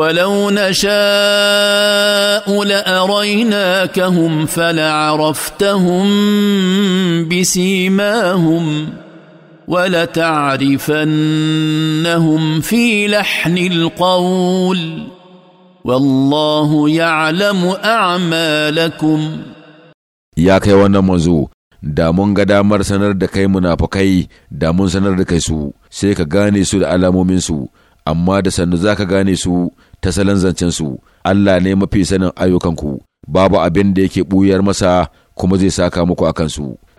ولو نشاء لاريناكهم فلعرفتهم بسيماهم ولتعرفنهم في لحن القول والله يعلم اعمالكم يا kai wannan manzo da mun ga damar sanar da kai munafukai da mun sanar da kai su sai ka gane su da alamominsu amma da sannu za ka gane su ta salon zancensu, Allah ne mafi sanin ayyukanku, babu abin da yake ɓuyar masa kuma zai saka muku a kansu.